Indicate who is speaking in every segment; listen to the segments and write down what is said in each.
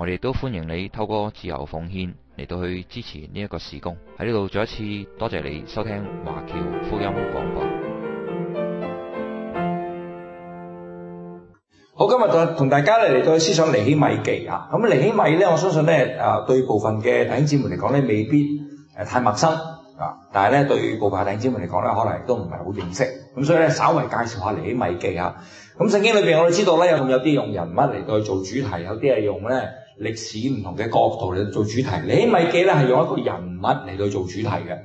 Speaker 1: 我哋都歡迎你透過自由奉獻嚟到去支持呢一個事工。喺呢度再一次多謝你收聽華僑福音廣播。好，今日同同大家嚟到思想尼希米記啊。咁尼希米咧，我相信咧誒，對部分嘅弟兄姊妹嚟講咧未必誒太陌生啊。但係咧對部分弟兄姊妹嚟講咧，可能都唔係好認識。咁所以咧，稍微介紹下尼希米記啊。咁聖經裏邊我哋知道咧，有咁有啲用人物嚟到去做主題，有啲係用咧。歷史唔同嘅角度嚟做主題，你喺《尼希米記》得係用一個人物嚟到做主題嘅。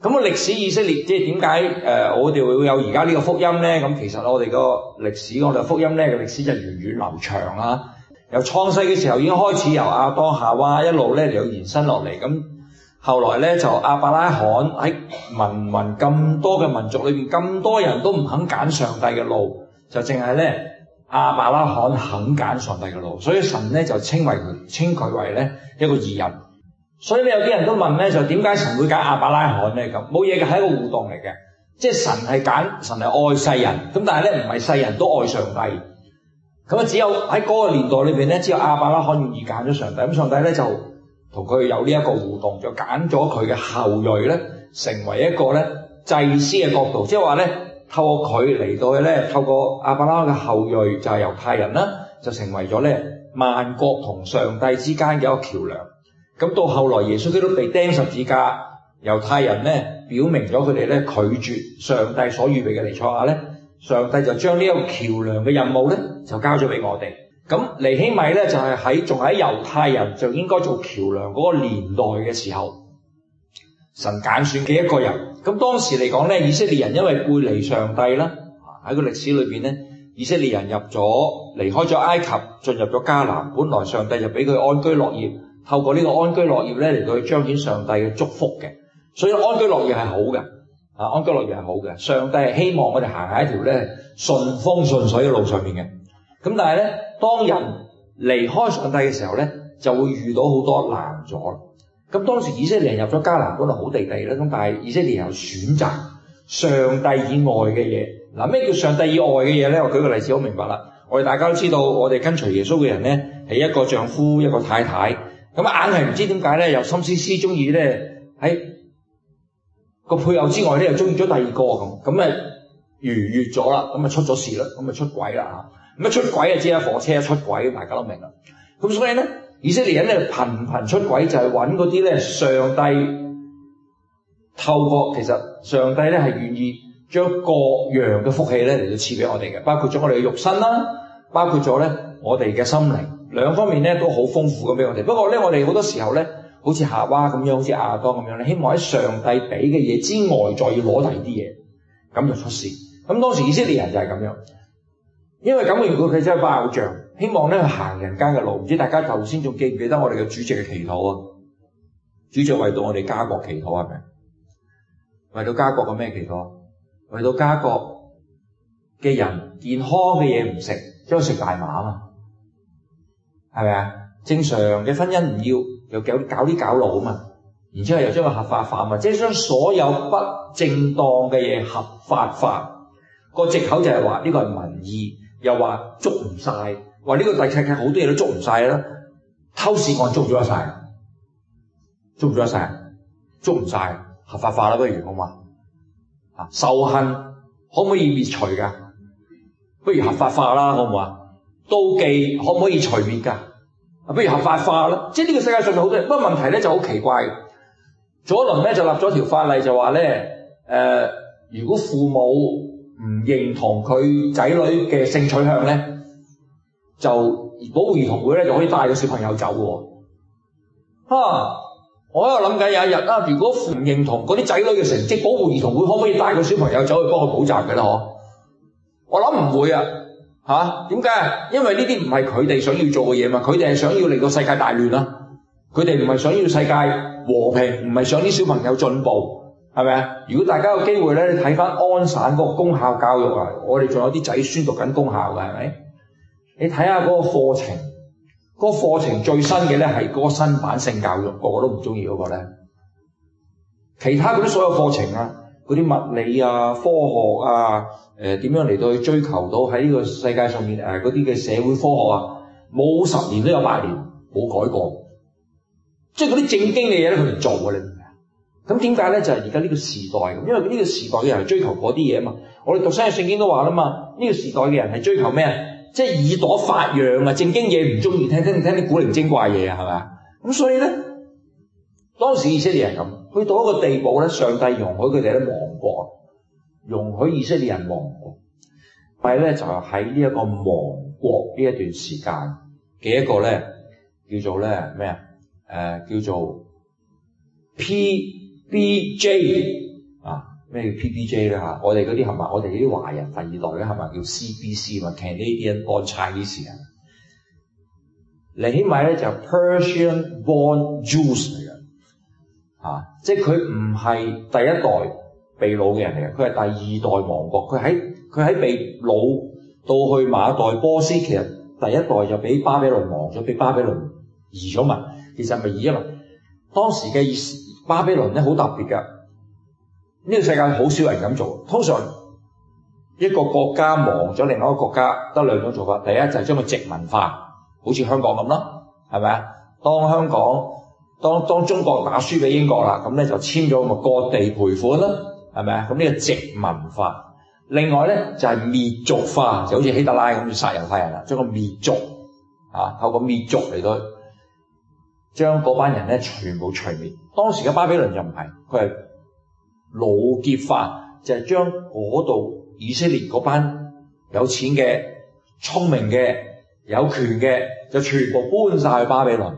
Speaker 1: 咁個歷史以色列，即係點解？誒，我哋會有而家呢個福音呢？咁其實我哋個歷史我哋福音呢，嘅歷史就源遠流長啦、啊。由創世嘅時候已經開始，由阿當夏娃、啊、一路咧嚟延伸落嚟。咁後來咧就阿伯拉罕喺文明咁多嘅民族裏邊，咁多人都唔肯揀上帝嘅路，就淨係咧。阿伯拉罕肯揀上帝嘅路，所以神咧就稱為佢，稱佢為咧一個義人。所以咧有啲人都問咧，就點解神會揀阿伯拉罕咧咁？冇嘢嘅，係一個互動嚟嘅。即係神係揀，神係愛世人，咁但係咧唔係世人都愛上帝。咁啊只有喺嗰個年代裏邊咧，只有阿伯拉罕願意揀咗上帝，咁上帝咧就同佢有呢一個互動，就揀咗佢嘅後裔咧，成為一個咧祭司嘅角度，即係話咧。透過佢嚟到去呢，透過亞伯拉罕嘅後裔就係、是、猶太人啦，就成為咗呢萬國同上帝之間嘅一個橋梁。咁到後來耶穌基督被釘十字架，猶太人呢表明咗佢哋呢拒絕上帝所預備嘅彌賽亞呢，上帝就將呢個橋梁嘅任務呢就交咗俾我哋。咁尼希米呢，就係喺仲喺猶太人就應該做橋梁嗰個年代嘅時候。神揀選嘅一個人，咁當時嚟講呢，以色列人因為背離上帝啦，喺個歷史裏邊呢，以色列人入咗離開咗埃及，進入咗迦南，本來上帝就俾佢安居樂業，透過呢個安居樂業呢嚟到去彰顯上帝嘅祝福嘅，所以安居樂業係好嘅，啊安居樂業係好嘅，上帝係希望我哋行喺一條呢順風順水嘅路上面嘅，咁但係呢，當人離開上帝嘅時候呢，就會遇到好多難阻。咁當時以色列人入咗迦南嗰度好地地啦，咁但係以色列人又選擇上帝以外嘅嘢。嗱咩叫上帝以外嘅嘢咧？我舉個例子好明白啦。我哋大家都知道，我哋跟隨耶穌嘅人咧係一個丈夫一個太太，咁啊硬係唔知點解咧，又心思思中意咧喺個配偶之外咧又中意咗第二個咁，咁咪逾越咗啦，咁咪出咗事啦，咁咪出軌啦嚇。咁啊出軌啊知啦，火車出軌，大家都明啦。咁所以咧。以色列人咧頻頻出軌，就係揾嗰啲咧上帝透過其實上帝咧係願意將各樣嘅福氣咧嚟到賜俾我哋嘅，包括咗我哋嘅肉身啦，包括咗咧我哋嘅心靈，兩方面咧都好豐富咁俾我哋。不過咧我哋好多時候咧，好似夏娃咁樣，好似亞當咁樣咧，希望喺上帝俾嘅嘢之外，再要攞第啲嘢，咁就出事。咁當時以色列人就係咁樣，因為咁如果佢真係爆仗。希望咧行人家嘅路，唔知大家頭先仲記唔記得我哋嘅主席嘅祈禱啊？主席為到我哋家國祈禱係咪？為到家國嘅咩祈禱？為到家國嘅人健康嘅嘢唔食，將食大麻啊嘛，係咪啊？正常嘅婚姻唔要又搞搞啲搞路啊嘛，然之後又將佢合法化嘛，即係將所有不正當嘅嘢合法化。個藉口就係話呢個係民意，又話捉唔晒。話呢個第劇劇好多嘢都捉唔晒啦，偷視案捉唔咗一晒，捉唔咗一晒，捉唔晒，合法化啦。不如好嘛？啊，仇恨可唔可以滅除嘅？不如合法化啦，好唔好啊？妒忌可唔可以除滅嘅？不如合法化啦。即係呢個世界上就好多人。不過問題咧就好奇怪。左輪咧就立咗條法例就，就話咧誒，如果父母唔認同佢仔女嘅性取向咧。就保護兒童會咧，就可以帶個小朋友走喎。嚇！我喺度諗緊有一日啦，如果唔認同嗰啲仔女嘅成績，保護兒童會可唔可以帶個小朋友走去幫佢補習嘅咧？嗬！我諗唔會啊。嚇？點解？因為呢啲唔係佢哋想要做嘅嘢嘛。佢哋係想要令到世界大亂啊。佢哋唔係想要世界和平，唔係想啲小朋友進步，係咪啊？如果大家有機會咧，你睇翻安省嗰個公校教育啊，我哋仲有啲仔孫讀緊公校嘅，係咪？你睇下嗰個課程，嗰、嗰個課程最新嘅咧係嗰個新版性教育，不喜歡那個個都唔鍾意嗰個咧。其他嗰啲所有課程啊，嗰啲物理啊、科學啊，誒、呃、點樣嚟到去追求到喺呢個世界上面誒嗰啲嘅社會科學啊，冇十年都有八年冇改過，即係嗰啲正經嘅嘢咧，佢唔做咧。咁點解呢？就係而家呢個時代，因為呢個時代嘅人追求嗰啲嘢啊嘛。我哋讀書聖經都話啦嘛，呢、呢個時代嘅人係追求咩啊？即係耳朵發癢啊！正經嘢唔中意聽，聽聽啲古靈精怪嘢啊，係咪啊？咁所以咧，當時以色列人咁去到一個地步咧，上帝容許佢哋咧亡國，容許以色列人亡國，但係咧就喺呢一個亡國呢一段時間嘅一個咧叫做咧咩啊？誒、呃、叫做 PBJ。咩叫 PBJ 咧嚇？我哋嗰啲係咪？我哋啲華人第二代咧係咪叫 CBC 啊嘛，Canadian born Chinese 啊！尼希米咧就 Persian-born Jews 嚟嘅嚇，即係佢唔係第一代被擄嘅人嚟嘅，佢係第二代亡國。佢喺佢喺被擄到去馬代波斯，其實第一代就俾巴比倫亡咗，俾巴比倫移咗民。其實咪移咗民？當時嘅巴比倫咧好特別㗎。呢個世界好少人咁做，通常一個國家亡咗，另外一個國家得兩種做法。第一就係將佢殖民化，好似香港咁咯，係咪啊？當香港當當中國打輸俾英國啦，咁咧就簽咗個各地賠款啦，係咪啊？咁呢個殖民化。另外咧就係、是、滅族化，就好似希特拉咁，殺猶太人啦，將佢滅族啊，透過滅族嚟到將嗰班人咧全部除滅。當時嘅巴比倫就唔係，佢係。老結化就係將嗰度以色列嗰班有錢嘅、聰明嘅、有權嘅，就全部搬晒去巴比倫。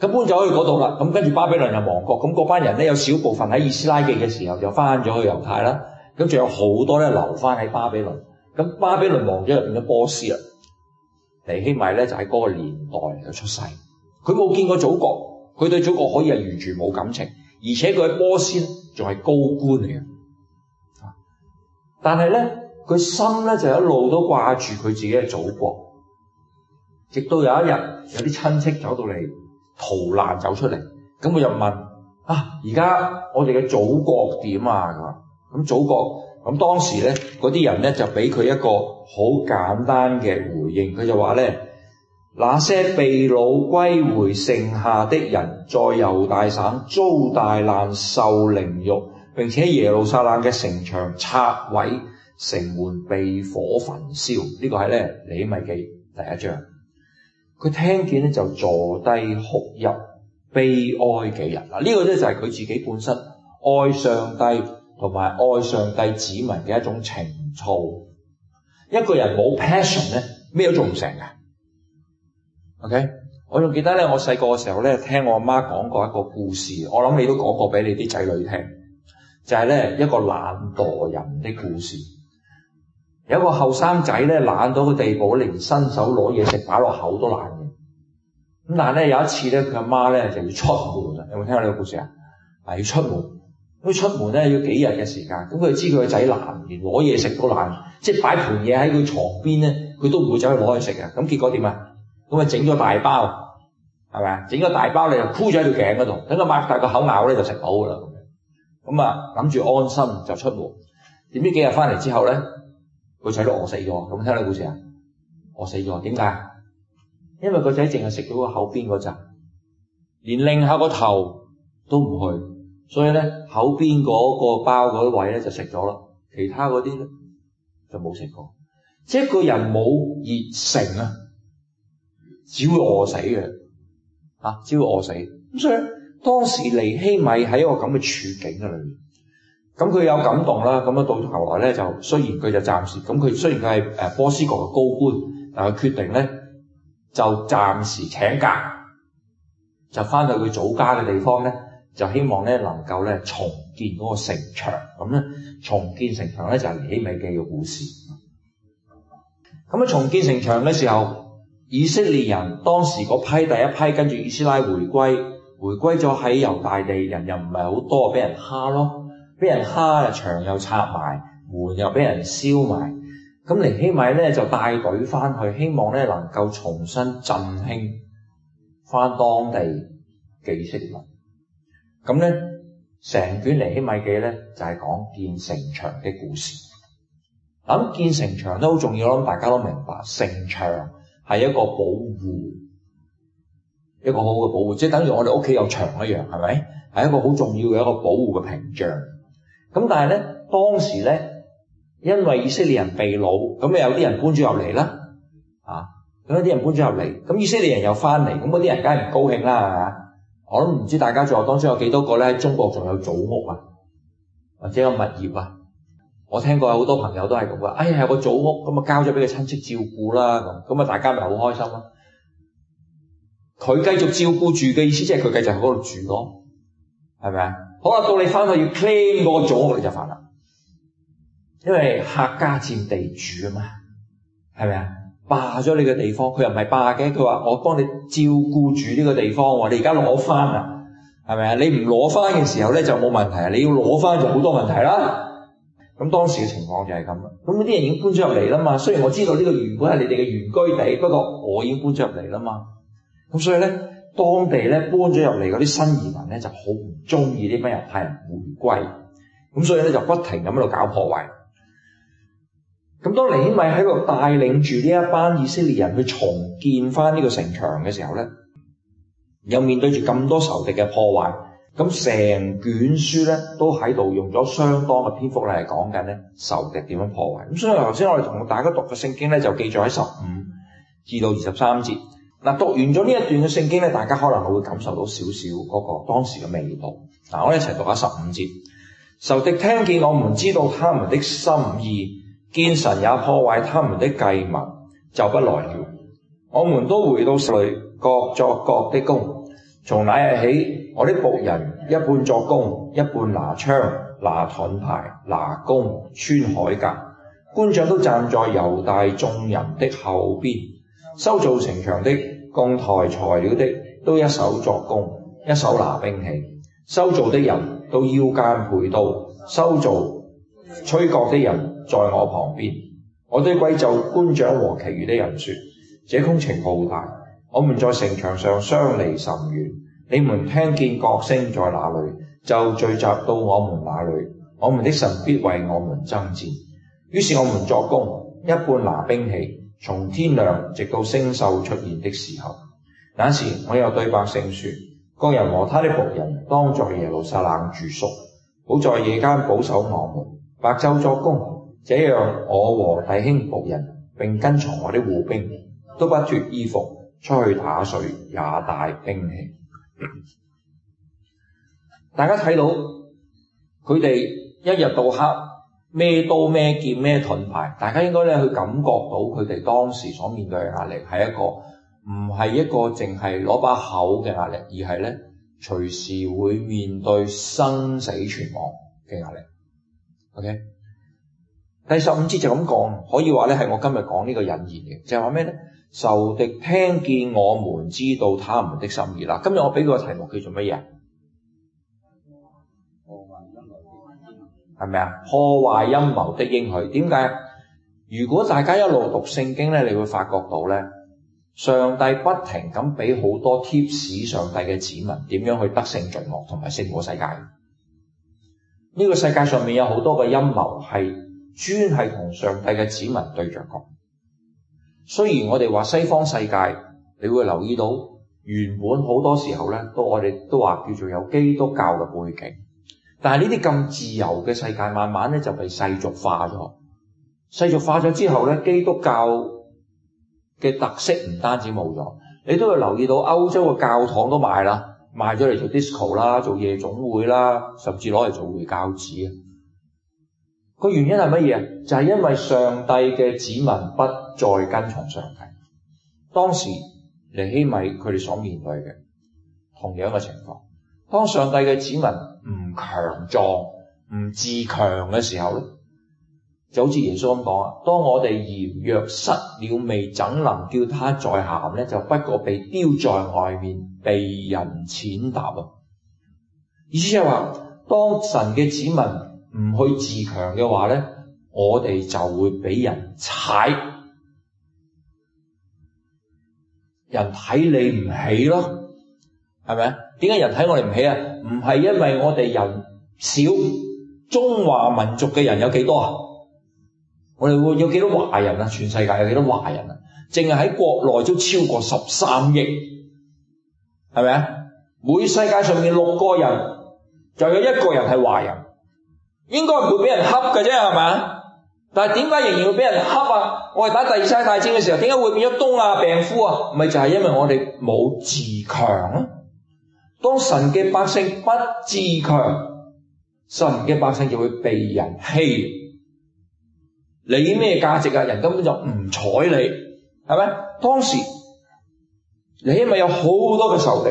Speaker 1: 咁搬走去嗰度啦。咁跟住巴比倫就亡國。咁嗰班人咧有少部分喺以斯拉記嘅時候就翻咗去猶太啦。咁仲有好多咧留翻喺巴比倫。咁巴比倫亡咗入面變咗波斯啦。尼希米咧就喺嗰個年代就出世，佢冇見過祖國，佢對祖國可以係完全冇感情，而且佢喺波斯。仲係高官嚟嘅，但係咧佢心咧就一路都掛住佢自己嘅祖國，直到有一日有啲親戚走到嚟逃難走出嚟，咁佢又問：啊，而家我哋嘅祖國點啊？咁祖國咁當時咧嗰啲人咧就俾佢一個好簡單嘅回應，佢就話咧。那些被擄歸回剩下的人，在猶大省遭大難、受凌辱，並且耶路撒冷嘅城牆拆毀、城門被火焚燒。呢、這個係咧尼希米記第一章。佢聽見咧就坐低哭泣、悲哀嘅人嗱，呢、這個咧就係佢自己本身愛上帝同埋愛上帝子民嘅一種情操。一個人冇 passion 咧，咩都做唔成嘅。OK，我仲記得咧，我細個嘅時候咧，聽我阿媽講過一個故事，我諗你都講過俾你啲仔女聽，就係咧一個懶惰人的故事。有一個後生仔咧懶到個地步，連伸手攞嘢食擺落口都懶嘅。咁但咧有一次咧，佢阿媽咧就要出門啊！有冇聽過呢個故事啊？啊，要出門，佢出門咧要幾日嘅時間？咁佢知佢個仔懶，連攞嘢食都懶，即係擺盤嘢喺佢床邊咧，佢都唔會走去攞去食嘅。咁結果點啊？咁啊，整咗大包，係咪啊？整咗大包你就箍咗喺條頸嗰度，等佢擘大個口咬咧就食到啦。咁啊，諗住安心就出門。點知幾日翻嚟之後咧，個仔都餓死咗。咁聽你故事啊，餓死咗點解？因為個仔淨係食咗個口邊嗰陣，連擰下個頭都唔去，所以咧口邊嗰個包嗰位咧就食咗啦，其他嗰啲咧就冇食過。即係一個人冇熱誠啊！只會餓死嘅，啊！只會餓死。咁所以當時尼希米喺一個咁嘅處境嘅裏面，咁佢有感動啦。咁啊到後來咧就，雖然佢就暫時，咁佢雖然佢係誒波斯國嘅高官，但係決定咧就暫時請假，就翻去佢祖家嘅地方咧，就希望咧能夠咧重建嗰個城牆。咁咧重建城牆咧就係、是、尼希米記嘅故事。咁啊重建城牆嘅時候。以色列人當時嗰批第一批跟住以斯拉回歸，回歸咗喺猶大地，人又唔係好多，俾人蝦咯，俾人蝦呀，牆又拆埋，門又俾人燒埋。咁尼希米咧就帶隊翻去，希望咧能夠重新振興翻當地嘅以色列。咁咧成卷尼希米記咧就係、是、講建城牆嘅故事。咁建城牆都好重要咯，大家都明白城牆係一個保護，一個好好嘅保護，即係等於我哋屋企有牆一樣，係咪？係一個好重要嘅一個保護嘅屏障。咁但係咧，當時咧，因為以色列人被擄，咁有啲人搬咗入嚟啦，啊，咁有啲人搬咗入嚟，咁以色列人又翻嚟，咁嗰啲人梗係唔高興啦，係咪？我諗唔知大家仲有當中有幾多個咧，喺中國仲有祖屋啊，或者有物業啊。我聽過有好多朋友都係咁噶，哎呀，有個祖屋咁啊，交咗俾個親戚照顧啦，咁咁啊，大家咪好開心咯。佢繼續照顧住嘅意思，即係佢繼續喺嗰度住咯，係咪啊？好啦，到你翻去要 claim 嗰個祖屋，你就煩啦，因為客家佔地主啊嘛，係咪啊？霸咗你嘅地方，佢又唔係霸嘅，佢話我幫你照顧住呢個地方，你而家攞翻啦，係咪啊？你唔攞翻嘅時候咧就冇問題，你要攞翻就好多問題啦。咁當時嘅情況就係咁啦。咁嗰啲人已經搬咗入嚟啦嘛。雖然我知道呢個原本係你哋嘅原居地，不過我已經搬咗入嚟啦嘛。咁所以咧，當地咧搬咗入嚟嗰啲新移民咧就好唔中意呢班猶太人回歸。咁所以咧就不停咁喺度搞破壞。咁當尼希米喺度帶領住呢一班以色列人去重建翻呢個城牆嘅時候咧，又面對住咁多仇敵嘅破壞。咁成卷書呢都喺度用咗相當嘅篇幅嚟講緊仇敵點樣破壞。咁所以頭先我哋同大家讀嘅聖經咧，就記載喺十五至到二十三節。嗱、啊，讀完咗呢一段嘅聖經咧，大家可能會感受到少少嗰個當時嘅味道。嗱、啊，我一齊讀下十五節。仇敵聽見我們，知道他們的心意，見神也破壞他們的計謀，就不來了。我們都回到城牆那裏，各作各的工。從那日起。我的僕人一半作工，一半拿槍、拿盾牌、拿弓穿鎧甲。官長都站在猶大眾人的後邊，修造城牆的、扛抬材料的，都一手作工，一手拿兵器。修造的人都腰間佩刀，修造吹角的人在我旁邊。我對貴冑官長和其餘的人説：這工程浩大，我們在城牆上相離甚遠。你們聽見角聲在哪裏，就聚集到我們那裏。我們的神必為我們爭戰。於是我們作工，一半拿兵器，從天亮直到星宿出現的時候。那時我又對百姓説：各人和他的僕人當在耶路撒冷住宿，好在夜間保守我們。白晝作工，這樣我和弟兄僕人並跟從我的護兵都不脱衣服出去打水，也帶兵器。大家睇到佢哋一日到黑咩刀咩劍咩盾牌，大家應該咧去感覺到佢哋當時所面對嘅壓力係一個唔係一個淨係攞把口嘅壓力，而係咧隨時會面對生死存亡嘅壓力。OK，第十五節就咁講，可以話咧係我今日講呢個引言嘅，就係話咩咧？仇敵聽見我們知道他們的心意啦。今日我俾個題目叫做乜嘢？係咪啊？破壞陰謀的應許。點解？如果大家一路讀聖經咧，你會發覺到咧，上帝不停咁俾好多貼士，上帝嘅子民點樣去得勝罪惡同埋勝過世界。呢、這個世界上面有好多嘅陰謀係專係同上帝嘅子民對着講。雖然我哋話西方世界，你會留意到原本好多時候咧，都我哋都話叫做有基督教嘅背景，但係呢啲咁自由嘅世界，慢慢咧就被世俗化咗。世俗化咗之後咧，基督教嘅特色唔單止冇咗，你都會留意到歐洲嘅教堂都賣啦，賣咗嚟做 disco 啦，做夜總會啦，甚至攞嚟做回教寺。個原因係乜嘢啊？就係、是、因為上帝嘅子民不再跟從上帝。當時尼希米佢哋所面對嘅同樣嘅情況，當上帝嘅子民唔強壯、唔自強嘅時候咧，就好似耶穌咁講啊：當我哋鹽若失了味，怎能叫他再鹹咧？就不過被丟在外面，被人踐踏啊！意思就係話，當神嘅子民，唔去自強嘅話咧，我哋就會俾人踩。人睇你唔起咯，係咪啊？點解人睇我哋唔起啊？唔係因為我哋人少，中華民族嘅人有幾多啊？我哋會有幾多華人啊？全世界有幾多華人啊？淨係喺國內都超過十三億，係咪？每世界上面六個人，就有一個人係華人。應該唔會俾人恰嘅啫，係嘛？但點解仍然會俾人恰啊？我哋打第二次大戰嘅時候，點解會變咗東亞病夫啊？咪就係因為我哋冇自強啊！當神嘅百姓不自強，神嘅百姓就會被人欺。你咩價值啊？人根本就唔睬你，係咪？當時你因為有好多嘅仇敵？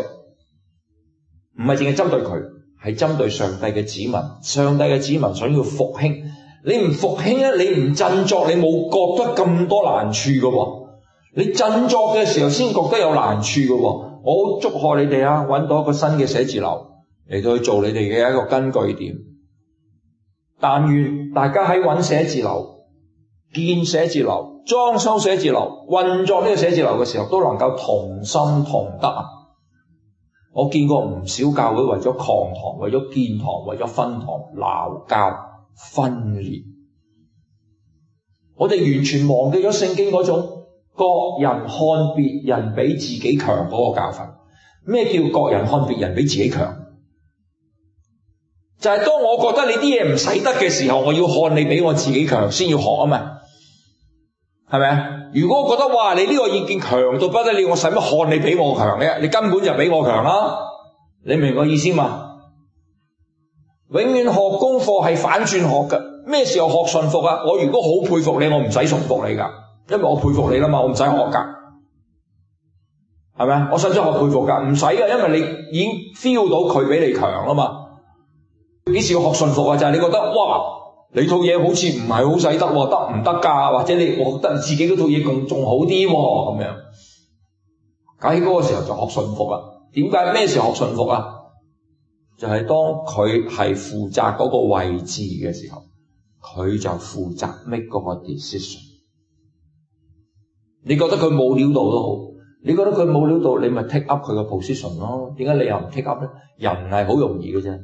Speaker 1: 唔係淨係針對佢。係針對上帝嘅子民，上帝嘅子民想要復興，你唔復興咧，你唔振作，你冇覺得咁多難處㗎喎。你振作嘅時候先覺得有難處㗎喎。我祝賀你哋啊，揾到一個新嘅寫字樓嚟到去做你哋嘅一個根據點。但願大家喺揾寫字樓、建寫字樓、裝修寫字樓、運作呢個寫字樓嘅時候，都能夠同心同德啊！我見過唔少教會為咗擴堂、為咗建堂、為咗分堂鬧交分裂。我哋完全忘記咗聖經嗰種各人看別人比自己強嗰個教訓。咩叫各人看別人比自己強？就係、是、當我覺得你啲嘢唔使得嘅時候，我要看你比我自己強先要學啊嘛，係咪？如果我覺得哇，你呢個意見強到不得了，我使乜看你比我強呢？你根本就比我強啦、啊，你明我意思嘛？永遠學功課係反轉學嘅，咩時候學順服啊？我如果好佩服你，我唔使順服你噶，因為我佩服你啦嘛，我唔使學噶，係咪？我想唔想學佩服噶？唔使噶，因為你已經 feel 到佢比你強啦嘛。幾時要學順服啊？就係、是、你覺得哇。你套嘢好似唔係好使得，得唔得噶？或者你我覺得自己套嘢更仲好啲喎，啊，咁樣。喺嗰個時候就學信服啦。點解？咩時候學信服啊？就係、是、當佢係負責嗰個位置嘅時候，佢就負責 make 嗰個 decision。你覺得佢冇料到都好，你覺得佢冇料到，你咪 take up 佢個 position 咯。點解你又唔 take up 咧？人係好容易嘅啫，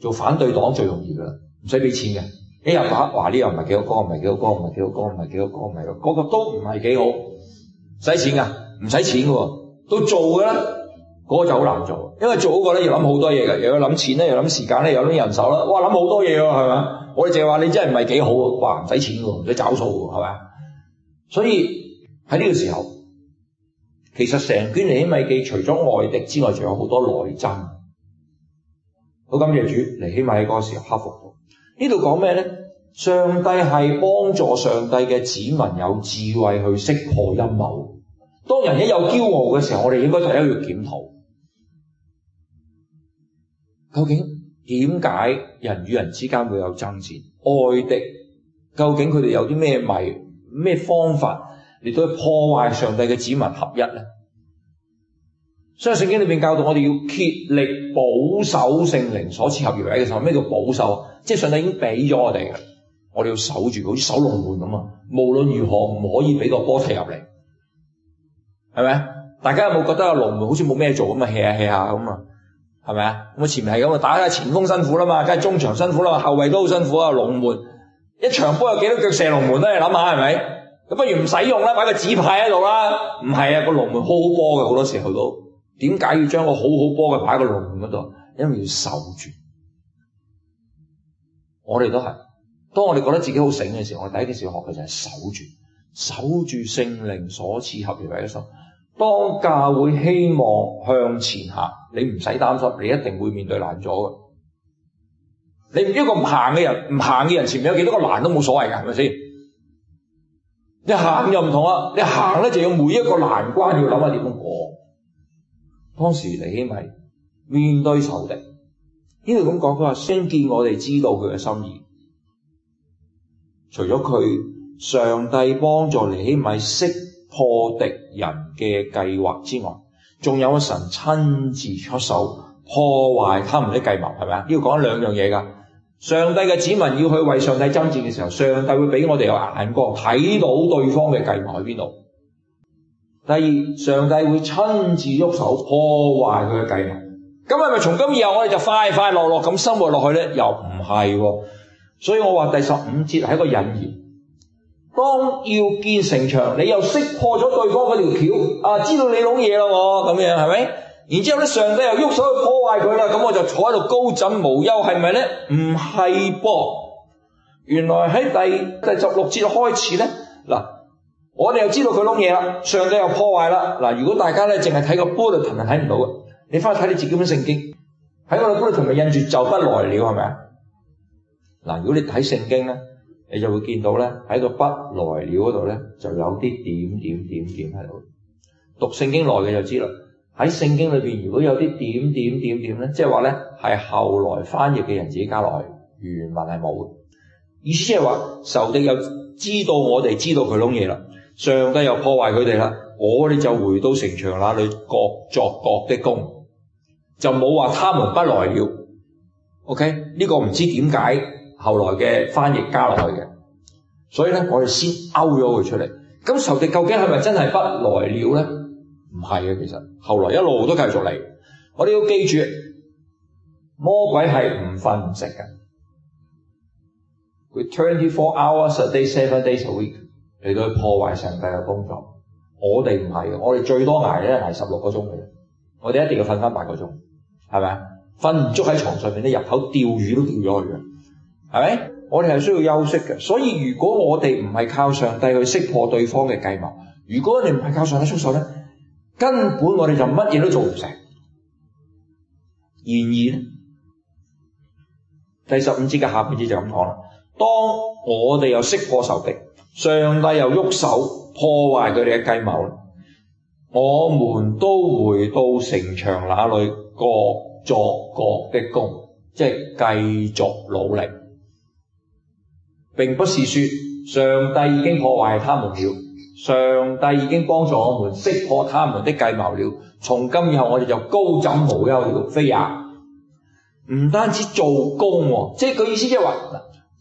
Speaker 1: 做反對黨最容易噶啦，唔使俾錢嘅。一日話話呢，哎、哇又唔係幾多歌，唔係幾多歌，唔係幾多歌，唔係幾多歌，唔係個個都唔係幾好，使錢㗎，唔使錢嘅喎，都做㗎啦。嗰、那個就好難做，因為做嗰個咧要諗好多嘢㗎，又要諗錢咧，又要諗時間咧，又要諗人手啦。哇，諗好多嘢喎，係咪？我哋淨係話你真係唔係幾好，話唔使錢喎，唔使找數嘅喎，係咪？所以喺呢個時候，其實成卷尼希米記，除咗外敵之外，仲有好多內爭。好感謝主，尼希米喺嗰個時候克服到。呢度講咩呢？上帝係幫助上帝嘅子民有智慧去識破陰謀。當人一有驕傲嘅時候，我哋應該第一要檢討，究竟點解人與人之間會有爭戰、外敵？究竟佢哋有啲咩迷、咩方法嚟到破壞上帝嘅子民合一呢？所以聖經裏面教導我哋要竭力保守聖靈所賜合而為一嘅時候，咩叫保守啊？即係上帝已經俾咗我哋㗎，我哋要守住，好似守龍門咁啊！無論如何唔可以俾個波踢入嚟，係咪？大家有冇覺得個龍門好似冇咩做咁啊？hea 下 hea 下咁啊，係咪啊？咁前面係咁啊，打下前鋒辛苦啦嘛，跟住中場辛苦啦嘛，後衞都好辛苦啊！龍門一場波有幾多腳射龍門啊？你諗下係咪？咁不如唔使用啦，擺個紙牌喺度啦。唔係啊，個龍門 hold 波嘅好多時候都。點解要將個好好波嘅擺喺個龍門嗰度？因為要守住。我哋都係，當我哋覺得自己好醒嘅時候，我哋第一件事要學嘅就係守住，守住聖靈所賜合而為一心。當教會希望向前行，你唔使擔心，你一定會面對難阻嘅。你唔知一個唔行嘅人，唔行嘅人前面有幾多個難都冇所謂㗎，係咪先？你行又唔同啦，你行咧就要每一個難關要諗下點樣過。當時尼希米面對仇敵，呢度咁講，佢話先見我哋知道佢嘅心意。除咗佢上帝幫助尼希米識破敵人嘅計劃之外，仲有神親自出手破壞他們啲計謀，係咪啊？呢個講兩樣嘢㗎。上帝嘅子民要去為上帝爭戰嘅時候，上帝會俾我哋有眼光睇到對方嘅計謀喺邊度。第二，上帝會親自喐手破壞佢嘅計劃。咁係咪從今以後我哋就快快樂樂咁生活落去呢？又唔係。所以我話第十五節係一個引言。當要建城牆，你又識破咗對方嗰條橋，啊，知道你諗嘢啦，我咁樣係咪？然之後咧，上帝又喐手去破壞佢啦。咁我就坐喺度高枕無憂，係咪咧？唔係噃。原來喺第第十六節開始呢。我哋又知道佢攞嘢啦，上帝又破壞啦。嗱，如果大家咧，淨係睇個 bulletin 係睇唔到嘅，你翻去睇你自己本聖經，喺我嘅 bulletin 咪印住就不來了係咪啊？嗱，如果你睇聖經咧，你就會見到咧喺個不來了嗰度咧就有啲點點點點喺度。讀聖經耐嘅就知啦，喺聖經裏邊如果有啲點點點點咧，即係話咧係後來翻譯嘅人自己加來，原文係冇嘅意思，即係話仇敵又知道我哋知道佢攞嘢啦。上帝又破壞佢哋啦，我哋就回到城牆那裏各作各的工，就冇話他們不來了。OK，呢個唔知點解後來嘅翻譯加落去嘅，所以咧我哋先勾咗佢出嚟。咁仇敵究竟係咪真係不來了咧？唔係嘅，其實後來一路都繼續嚟。我哋要記住，魔鬼係唔瞓唔食嘅，佢 twenty four hours a day，seven days a week。嚟到去破壞上帝嘅工作，我哋唔係，我哋最多捱一日係十六個鐘嘅，我哋一定要瞓返八個鐘，係咪啊？瞓唔足喺床上面咧，入口釣魚都釣咗去嘅，係咪？我哋係需要休息嘅，所以如果我哋唔係靠上帝去識破對方嘅計謀，如果我哋唔係靠上帝出手咧，根本我哋就乜嘢都做唔成。然而呢，第十五節嘅下半節就咁講啦。當我哋有識破仇敵。上帝又喐手破壞佢哋嘅計謀，我們都回到城牆那裏，各作各的工，即係繼續努力。並不是說上帝已經破壞他們了，上帝已經幫助我們識破他們的計謀了。從今以後，我哋就高枕無憂了。非也，唔單止做工喎，即係佢意思即係話。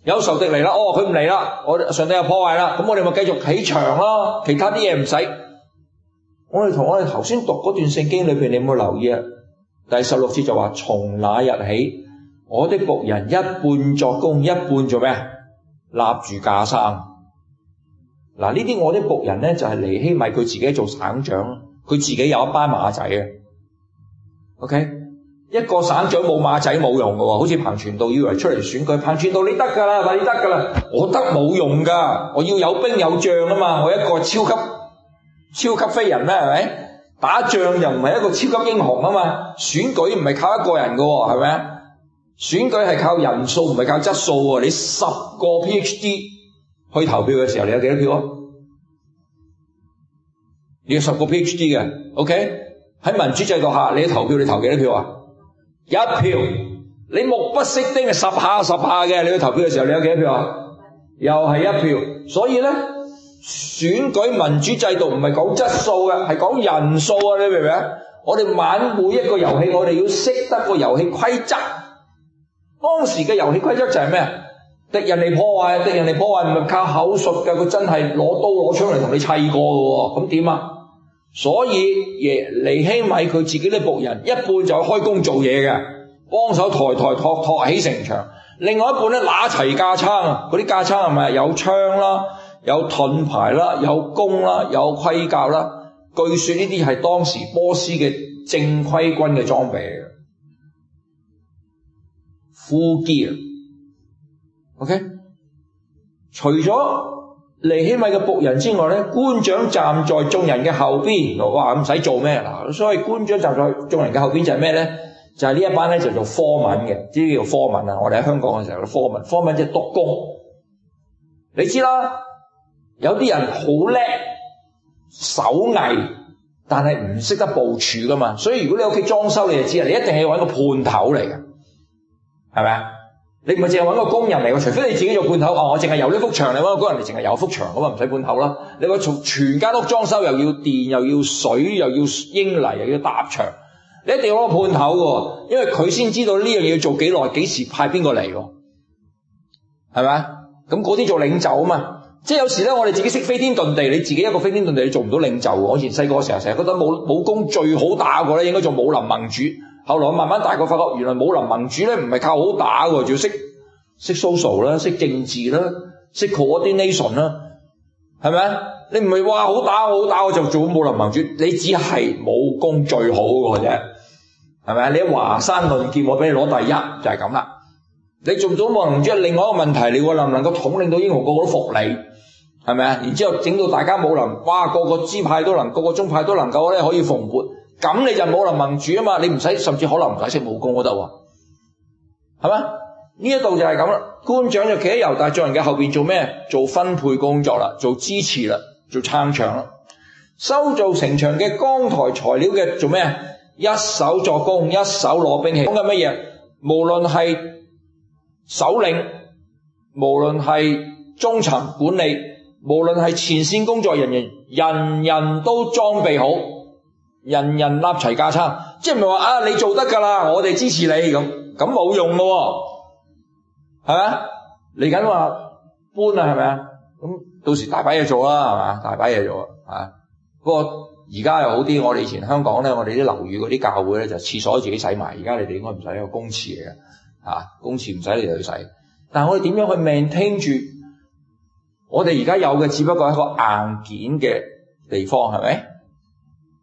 Speaker 1: 有仇敵嚟啦，哦，佢唔嚟啦，我哋上帝又破壞啦，咁我哋咪繼續起牆咯，其他啲嘢唔使。我哋同我哋頭先讀嗰段聖經裏邊，你有冇留意啊？第十六節就話：「從那日起，我啲僕人一半作工，一半做咩啊？攬住架生。」嗱呢啲我啲僕人咧，就係尼希米佢自己做省長，佢自己有一班馬仔嘅。OK。一個省長冇馬仔冇用噶喎，好似彭傳道以為出嚟選舉，彭傳道你得噶啦，你得噶啦，我得冇用噶，我要有兵有將啊嘛，我一個超級超級飛人咩係咪？打仗又唔係一個超級英雄啊嘛，選舉唔係靠一個人噶喎，係咪啊？選舉係靠人數，唔係靠質素喎。你十個 PhD 去投票嘅時候，你有幾多票？你有十個 PhD 嘅，OK？喺民主制度下，你投票你投幾多票啊？一票，你目不識丁嘅十下十下嘅，你去投票嘅時候，你有幾多票啊？又係一票，所以呢，選舉民主制度唔係講質素嘅，係講人數啊！你明唔明？我哋玩每一個遊戲，我哋要識得個遊戲規則。當時嘅遊戲規則就係咩啊？敵人嚟破壞，敵人嚟破壞，唔係靠口述嘅，佢真係攞刀攞槍嚟同你砌過噶喎，咁點啊？所以耶尼希米佢自己啲僕人，一半就開工做嘢嘅，幫手抬抬托托起城牆，另外一半咧攞齊架槍啊，嗰啲架槍係咪有槍啦、啊，有盾牌啦、啊，有弓啦、啊，有盔甲啦？據說呢啲係當時波斯嘅正規軍嘅裝備，full gear，OK？除咗。尼希米嘅僕人之外咧，官長站在眾人嘅後邊，我話唔使做咩嗱。所以官長站在眾人嘅後邊就係咩咧？就係、是、呢一班咧就做科文嘅，呢啲叫做科文啊。我哋喺香港嘅時候叫科文，科文即係督工。你知啦，有啲人好叻手藝，但係唔識得部署噶嘛。所以如果你屋企裝修，你就知啊，你一定係揾個判頭嚟嘅，係咪？你唔係淨係揾個工人嚟喎，除非你自己做判頭。哦，我淨係有呢幅牆，你揾個工人嚟淨係有幅牆咁啊，唔使判頭啦。你話從全家屋裝修又要電又要水又要英泥又要搭牆，你一定要個判頭喎，因為佢先知道呢樣嘢要做幾耐，幾時派邊個嚟喎，係咪啊？咁嗰啲做領袖啊嘛，即係有時咧，我哋自己識飛天遁地，你自己一個飛天遁地，你做唔到領袖。我以前細個成日成日覺得武武功最好打過咧，應該做武林盟主。後來慢慢大個，發覺原來武林盟主咧唔係靠好打㗎，仲要識識 social 啦，識政治啦，識 coordination 啦，係咪啊？你唔係話好打好打，我就做武林盟主。你只係武功最好嗰個啫，係咪啊？你喺華山論劍，我俾你攞第一就係咁啦。你做咗武林盟主，另外一個問題你會能唔能夠統領到英雄，個個都服你，係咪啊？然之後整到大家武林哇個個支派都能，個個宗派都能夠咧可以奉陪。咁你就冇能盟主啊嘛，你唔使甚至可能唔使識武功都得喎，係嘛？呢一度就係咁啦。官長就企喺猶大眾人嘅後邊做咩？做分配工作啦，做支持啦，做撐場啦。修造城牆嘅扛抬材料嘅做咩？一手做工，一手攞兵器。講緊乜嘢？無論係首領，無論係中層管理，無論係前線工作人員，人人都裝備好。人人立齊架撐，即係唔係話啊？你做得㗎啦，我哋支持你咁，咁冇用咯喎，係咪啊？嚟緊話搬啊，係咪啊？咁到時大把嘢做啦，係嘛？大把嘢做啊！不過而家又好啲，我哋以前香港咧，我哋啲樓宇嗰啲教會咧，就廁所自己洗埋。而家你哋應該唔使一個公廁嚟嘅，啊，公廁唔使你哋去洗。但係我哋點樣去 maintain 住？我哋而家有嘅，只不過係一個硬件嘅地方，係咪？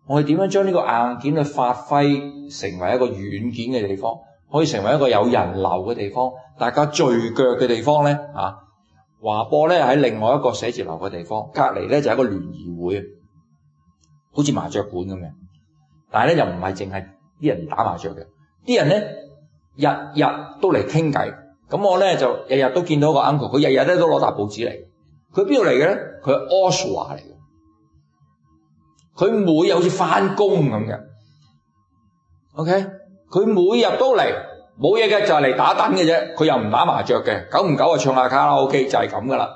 Speaker 1: 我哋點樣將呢個硬件去發揮成為一個軟件嘅地方，可以成為一個有人流嘅地方，大家聚腳嘅地方咧嚇、啊。華波咧喺另外一個寫字樓嘅地方，隔離咧就係，一個聯誼會，好似麻雀館咁嘅。但係咧又唔係淨係啲人打麻雀嘅，啲人咧日日都嚟傾偈。咁我咧就日日都見到一個 uncle，佢日日咧都攞沓報紙嚟。佢邊度嚟嘅咧？佢係 Oswald 嚟嘅。佢每日好似翻工咁嘅，OK？佢每日都嚟，冇嘢嘅就嚟、是、打躉嘅啫。佢又唔打麻雀嘅，久唔久啊唱下卡拉 OK 就係咁噶啦。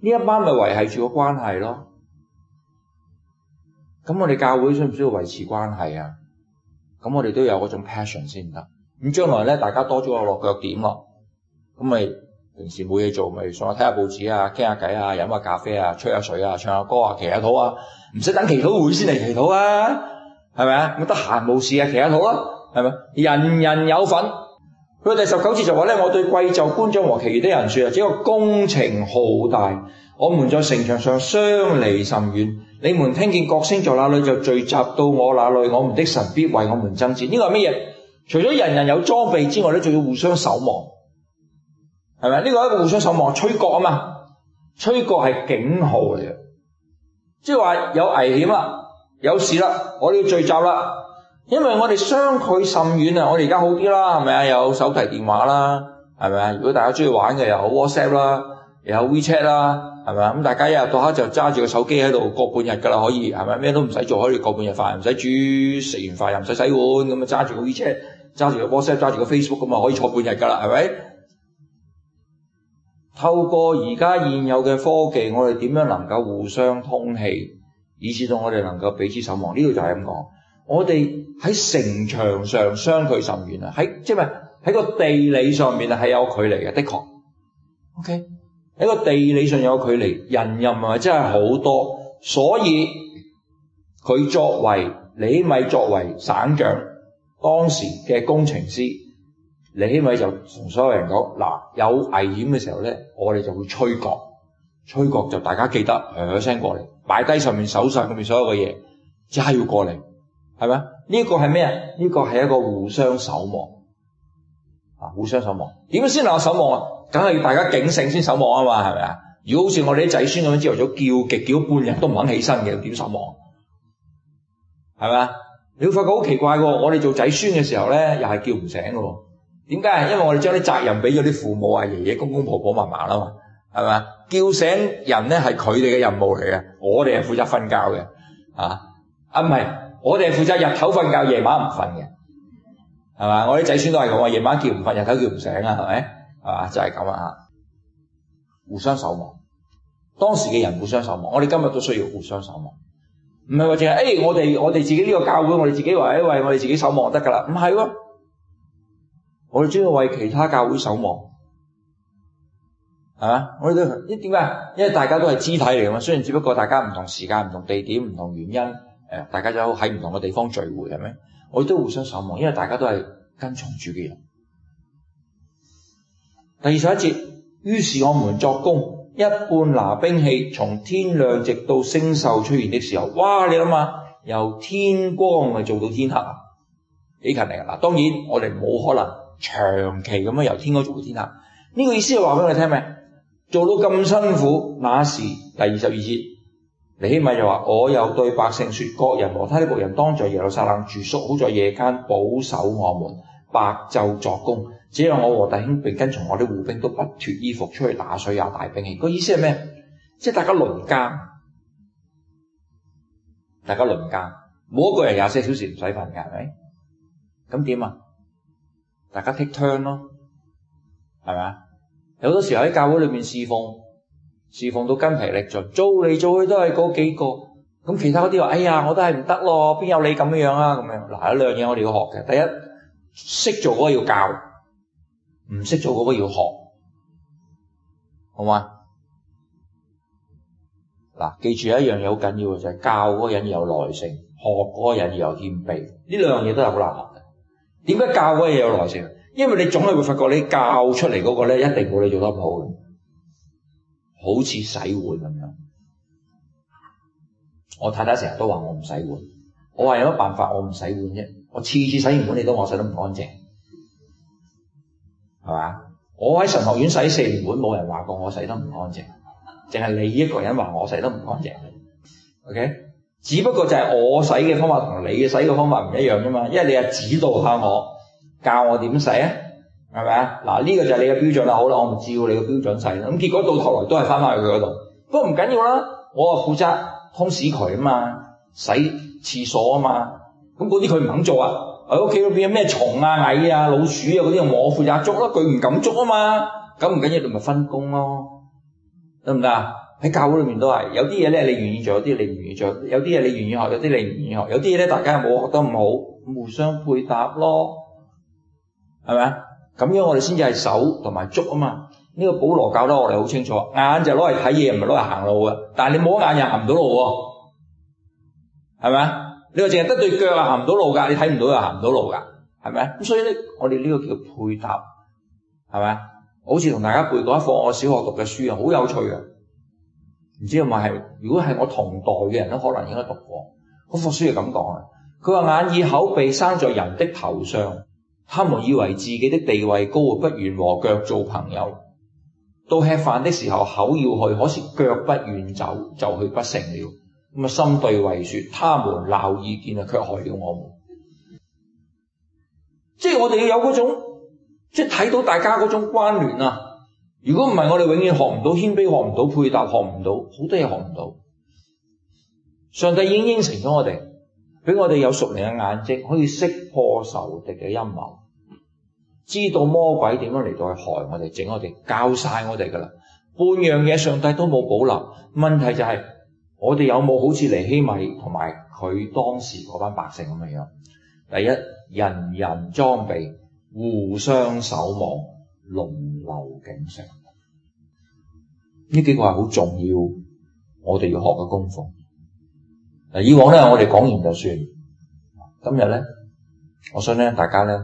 Speaker 1: 呢一班咪維繫住個關係咯。咁我哋教會需唔需要維持關係啊？咁我哋都有嗰種 passion 先得。咁將來咧，大家多咗個落腳點咯。咁咪。平時冇嘢做，咪上下睇下報紙啊，傾下偈啊，飲下咖,、啊、咖啡啊，吹下水啊，唱下歌啊，祈下禱啊，唔使等祈禱會先嚟祈禱啊，係咪啊？咁得閒冇事啊，祈下禱啦，係咪？人人有份。佢第十九節就話咧，嗯、我對貴冑官長和其餘的人說啊，這個工程浩大，我們在城牆上相離甚遠，你們聽見角聲在哪裡就聚集到我那裡，我,的我們的神必為我們爭戰。呢個係乜嘢？除咗人人有裝備之外咧，仲要互相互守望。係咪？呢個係一個互相守望，吹角啊嘛！吹角係警號嚟嘅，即係話有危險啦，有事啦，我哋要聚集啦。因為我哋相距甚遠啊，我哋而家好啲啦，係咪啊？有手提電話啦，係咪啊？如果大家中意玩嘅，又有 WhatsApp 啦 Wh，又有 WeChat 啦，係咪？咁大家一日到黑就揸住個手機喺度過半日㗎啦，可以係咪？咩都唔使做，可以過半日飯，唔使煮，食完飯又唔使洗碗，咁啊揸住個 WeChat，揸住個 WhatsApp，揸住個 Facebook 咁啊，可以坐半日㗎啦，係咪？透過而家現有嘅科技，我哋點樣能夠互相通氣，以至到我哋能夠彼此守望？呢度，就係咁講，我哋喺城牆上相距甚遠啊，喺即係咪喺個，地理上面係有距離嘅，的確 OK，喺個地理上有距離，人又啊真係好多，所以佢作為尼希米作為省長當時嘅工程師。尼希米就同所有人講：嗱，有危險嘅時候咧，我哋就會吹角。吹角就大家記得，響、呃、聲、呃、過嚟，擺低上面手勢上面所有嘅嘢，一嚇要過嚟，係咪？呢、這個係咩啊？呢、這個係一個互相守望啊！互相守望點樣先能夠守望啊？梗係要大家警醒先守望啊嘛，係咪啊？如果好似我哋啲仔孫咁樣朝頭早叫極叫半日都唔肯起身嘅，點守望？係咪啊？你會發覺好奇怪喎，我哋做仔孫嘅時候咧，又係叫唔醒嘅喎。點解？因為我哋將啲責任俾咗啲父母啊、爺爺、公公婆婆、婆、嫲嫲啦嘛，係嘛？叫醒人咧係佢哋嘅任務嚟嘅，我哋係負責瞓覺嘅，啊啊唔係，我哋係負責日頭瞓覺，夜晚唔瞓嘅，係嘛？我啲仔孫都係咁啊，夜晚叫唔瞓，日頭叫唔醒啊，係咪？係嘛？就係咁啊，互相守望。當時嘅人互相守望，我哋今日都需要互相守望。唔係話淨係誒，我哋我哋自己呢個教會，我哋自己話誒喂，我哋自己守望得噶啦唔係喎。我哋都要為其他教會守望，係嘛？我哋都一點解？因為大家都係肢體嚟㗎嘛。雖然只不過大家唔同時間、唔同地點、唔同原因，誒，大家就喺唔同嘅地方聚會，係咪？我哋都互相守望，因為大家都係跟從主嘅人。第二十一節，於是我們作工，一半拿兵器，從天亮直到星宿出現的時候，哇！你諗下，由天光係做到天黑，幾勤力啊！嗱，當然我哋冇可能。長期咁樣由天哥做到天黑，呢、這個意思就話俾我哋聽咩？做到咁辛苦，那時第二十二節，尼希米就話：我又對百姓說，各人和他啲僕人，當在耶路撒冷住宿，好在夜間保守我們，白晝作工。只有我和弟兄並跟從我啲護兵，都不脱衣服出去打水也帶兵器。這個意思係咩？即係大家輪更，大家輪更，冇一個人廿四小時唔使瞓噶，係咪？咁點啊？大家 take turn 咯，係咪？有好多時候喺教會裏面侍奉，侍奉到筋疲力盡，做嚟做去都係嗰幾個，咁其他嗰啲話：哎呀，我都係唔得咯，邊有你咁樣樣啊？咁樣嗱，一兩樣嘢我哋要學嘅，第一，識做嗰個要教，唔識做嗰個要學，好嘛？嗱，記住有一樣嘢好緊要嘅就係教嗰個人要有耐性，學嗰個人要有謙卑，呢兩樣嘢都係好難點解教嗰嘢有耐性？因為你總係會發覺你教出嚟嗰個咧，一定冇你做得好嘅，好似洗碗咁樣。我太太成日都話我唔洗碗，我話有乜辦法？我我唔洗碗啫，我次次洗完碗你都話我洗得唔乾淨，係嘛？我喺神學院洗四年碗，冇人話過我洗得唔乾淨，淨係你一個人話我洗得唔乾淨。OK。只不過就係我洗嘅方法同你洗嘅方法唔一樣啫嘛，因為你啊指導下我，教我點洗啊，係咪啊？嗱、這、呢個就係你嘅標準啦，好啦，我咪照你嘅標準洗啦。咁結果到頭來都係返返去佢嗰度，不過唔緊要啦，我啊負責通屎渠啊嘛，洗廁所啊嘛，咁嗰啲佢唔肯做啊，喺屋企嗰邊有咩蟲啊、蟻啊、老鼠啊嗰啲，我負責捉咯，佢唔敢捉啊嘛，咁唔緊要，你咪分工咯，得唔得？喺教會裏面都係有啲嘢咧，你願意做，有啲你唔願意做；有啲嘢你願意學，有啲你唔願意學。有啲嘢咧，大家又冇學得唔好，互相配搭咯，係咪啊？咁樣我哋先至係手同埋足啊嘛。呢個保羅教得我哋好清楚，眼就攞嚟睇嘢，唔係攞嚟行路嘅。但係你冇眼又行唔到路喎，係咪啊？你話淨係得對腳啊行唔到路㗎，你睇唔到又行唔到路㗎，係咪啊？咁所以咧，我哋呢個叫配搭，係咪啊？好似同大家背過一課我小學讀嘅書啊，好有趣嘅。唔知係咪？如果係我同代嘅人都可能應該讀過。嗰本書就咁講啊，佢話眼耳口鼻生在人的頭上，他們以為自己的地位高，不願和腳做朋友。到吃飯的時候，口要去，可是腳不願走，就去不成了。咁啊，心對胃説：他們鬧意見啊，卻害了我們。即係我哋要有嗰種，即係睇到大家嗰種關聯啊！如果唔係，我哋永遠學唔到謙卑學到，學唔到配搭學到，學唔到好多嘢學唔到。上帝已經應應承咗我哋，俾我哋有屬靈嘅眼睛，可以識破仇敵嘅陰謀，知道魔鬼點樣嚟到去害我哋，整我哋，教晒我哋噶啦。半樣嘢上帝都冇保留。問題就係我哋有冇好似尼希米同埋佢當時嗰班百姓咁嘅樣？第一，人人裝備，互相守望，隆。樓景城呢幾個係好重要，我哋要學嘅功課。嗱，以往咧，我哋講完就算。今日咧，我想咧，大家咧，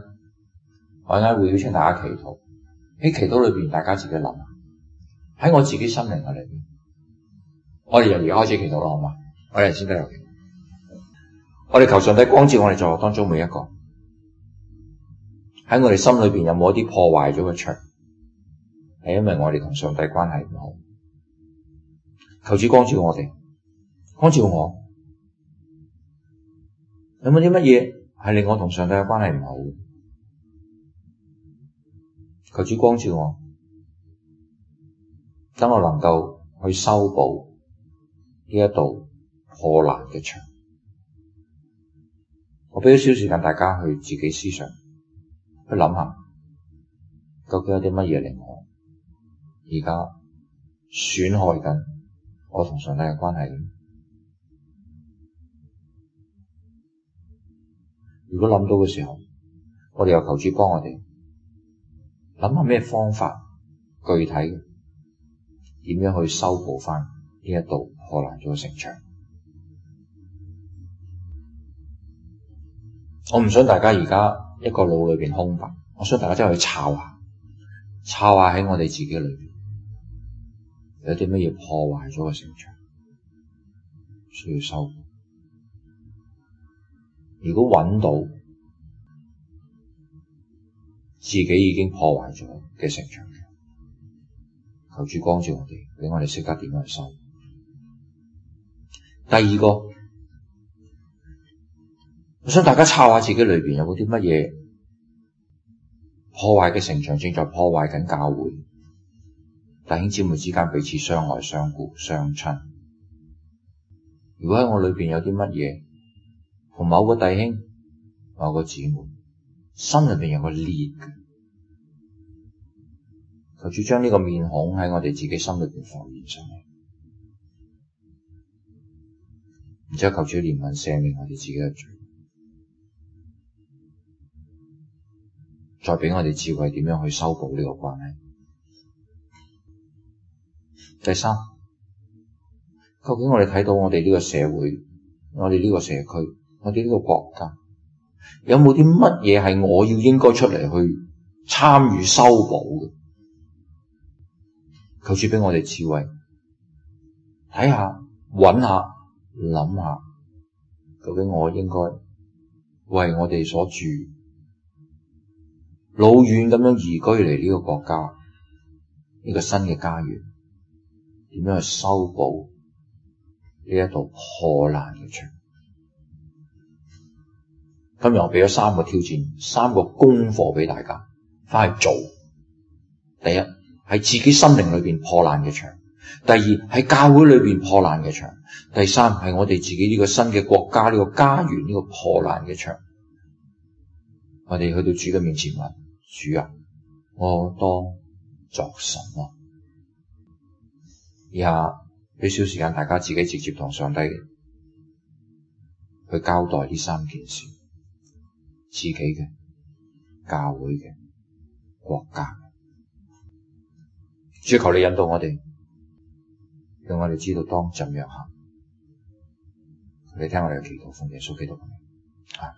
Speaker 1: 我應該會邀請大家祈禱，喺祈禱裏邊，大家自己諗喺我自己心靈嘅裏邊。我哋由而家開始祈禱啦，好嘛？我哋先得有祈禱。我哋求上帝光照我哋在學當中每一個，喺我哋心裏邊有冇一啲破壞咗嘅牆？係因為我哋同上帝關係唔好，求主光照我哋，光照我，有冇啲乜嘢係令我同上帝嘅關係唔好？求主光照我，等我能夠去修補呢一道破爛嘅牆。我俾咗少時間大家去自己思想，去諗下，究竟有啲乜嘢令我？而家損害緊我同上帝嘅關係。如果諗到嘅時候，我哋有求主幫我哋諗下咩方法，具體點樣去修補翻呢一度破爛咗嘅城牆。我唔想大家而家一個腦裏邊空白，我想大家真係去抄下，抄下喺我哋自己裏邊。有啲乜嘢破壞咗嘅城牆，需要修補。如果揾到自己已經破壞咗嘅城牆嘅，求主幫助我哋，俾我哋識得點樣修。第二個，我想大家抄下自己裏邊有冇啲乜嘢破壞嘅城牆，正在破壞緊教會。弟兄姊妹之間彼此相愛、相顧、相親。如果喺我裏邊有啲乜嘢，同某個弟兄、某個姊妹心裏邊有個裂嘅，求主將呢個面孔喺我哋自己心裏邊浮現出嚟，然之後求主憐憫赦免我哋自己嘅罪，再俾我哋智慧點樣去修補呢個關係。第三，究竟我哋睇到我哋呢個社會、我哋呢個社區、我哋呢個國家，有冇啲乜嘢係我要應該出嚟去參與修補嘅？求主俾我哋智慧，睇下、揾下、諗下，究竟我應該為我哋所住老遠咁樣移居嚟呢個國家，呢、這個新嘅家園。點樣去修補呢一道破爛嘅牆？今日我俾咗三個挑戰，三個功課俾大家返去做。第一，喺自己心靈裏邊破爛嘅牆；第二，喺教會裏邊破爛嘅牆；第三係我哋自己呢個新嘅國家呢個家園，呢個破爛嘅牆。我哋去到主嘅面前問：「主啊，我當作神啊。」以下，俾少時間大家自己直接同上帝去交代呢三件事，自己嘅、教會嘅、國家嘅，主求你引導我哋，讓我哋知道當怎樣行。你聽我哋嘅祈禱，奉耶穌基督名啊！